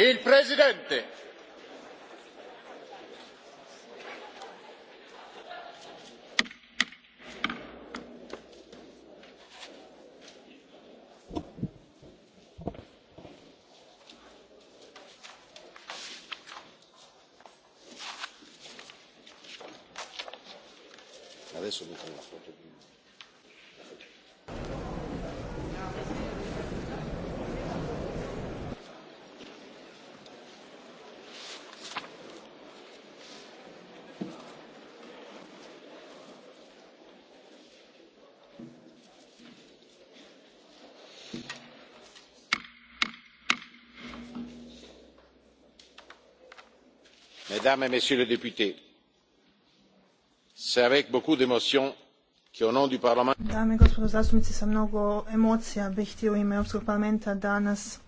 Il presidente. Adesso metto una foto di mesdames et messieurs les députés c'est avec beaucoup d'émotion nom Dame i gospodo zastupnici, sa mnogo emocija bih htio u ime Europskog parlamenta danas